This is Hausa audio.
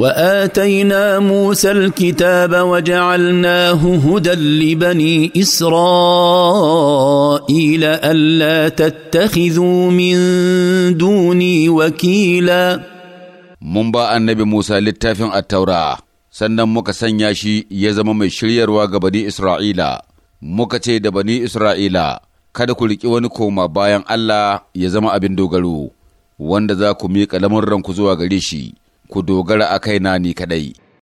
واتينا موسى الكتاب وجعلناه هدى لبني اسرائيل الا تتخذوا من دوني وكيلا mun ba annabi Musa littafin attaura sannan muka sanya shi ya zama mai shiryarwa ga bani Isra'ila muka ce da bani Isra'ila kada ku riƙi wani koma bayan Allah ya zama abin dogaro wanda za ku miƙa lamurranku zuwa gare shi ku dogara a kaina ni kaɗai.